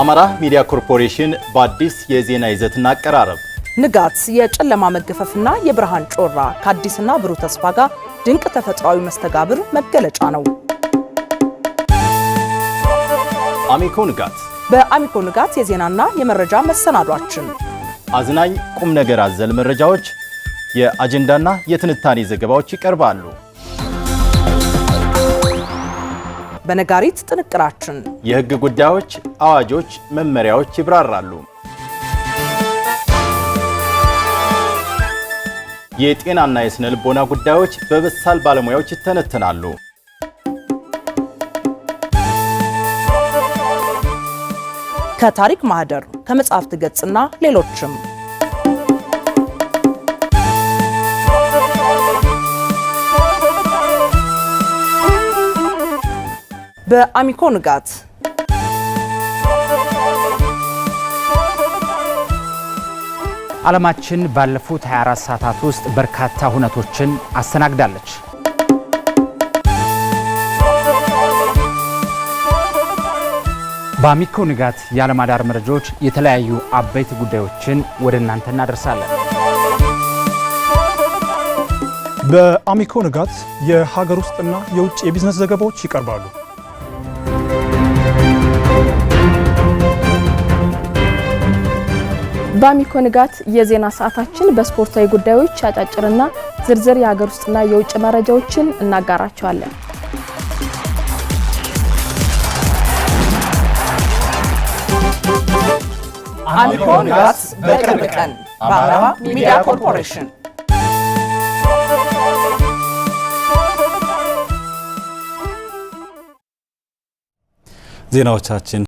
አማራ ሚዲያ ኮርፖሬሽን በአዲስ የዜና ይዘትና አቀራረብ ንጋት፣ የጨለማ መገፈፍና የብርሃን ጮራ ከአዲስና ብሩህ ተስፋ ጋር ድንቅ ተፈጥሯዊ መስተጋብር መገለጫ ነው። አሚኮ ንጋት በአሚኮ ንጋት የዜናና የመረጃ መሰናዷችን አዝናኝ ቁም ነገር አዘል መረጃዎች፣ የአጀንዳና የትንታኔ ዘገባዎች ይቀርባሉ። በነጋሪት ጥንቅራችን የህግ ጉዳዮች፣ አዋጆች፣ መመሪያዎች ይብራራሉ። የጤናና የስነ ልቦና ጉዳዮች በበሳል ባለሙያዎች ይተነተናሉ። ከታሪክ ማህደር ከመጽሐፍት ገጽና ሌሎችም በአሚኮ ንጋት ዓለማችን ባለፉት 24 ሰዓታት ውስጥ በርካታ ሁነቶችን አስተናግዳለች። በአሚኮ ንጋት የአለማዳር መረጃዎች የተለያዩ አበይት ጉዳዮችን ወደ እናንተ እናደርሳለን። በአሚኮ ንጋት የሀገር ውስጥና የውጭ የቢዝነስ ዘገባዎች ይቀርባሉ። በአሚኮ ንጋት የዜና ሰዓታችን በስፖርታዊ ጉዳዮች አጫጭርና ዝርዝር የሀገር ውስጥና የውጭ መረጃዎችን እናጋራቸዋለን። አሚኮ ንጋት በቅርብ ቀን በአማራ ሚዲያ ኮርፖሬሽን ዜናዎቻችን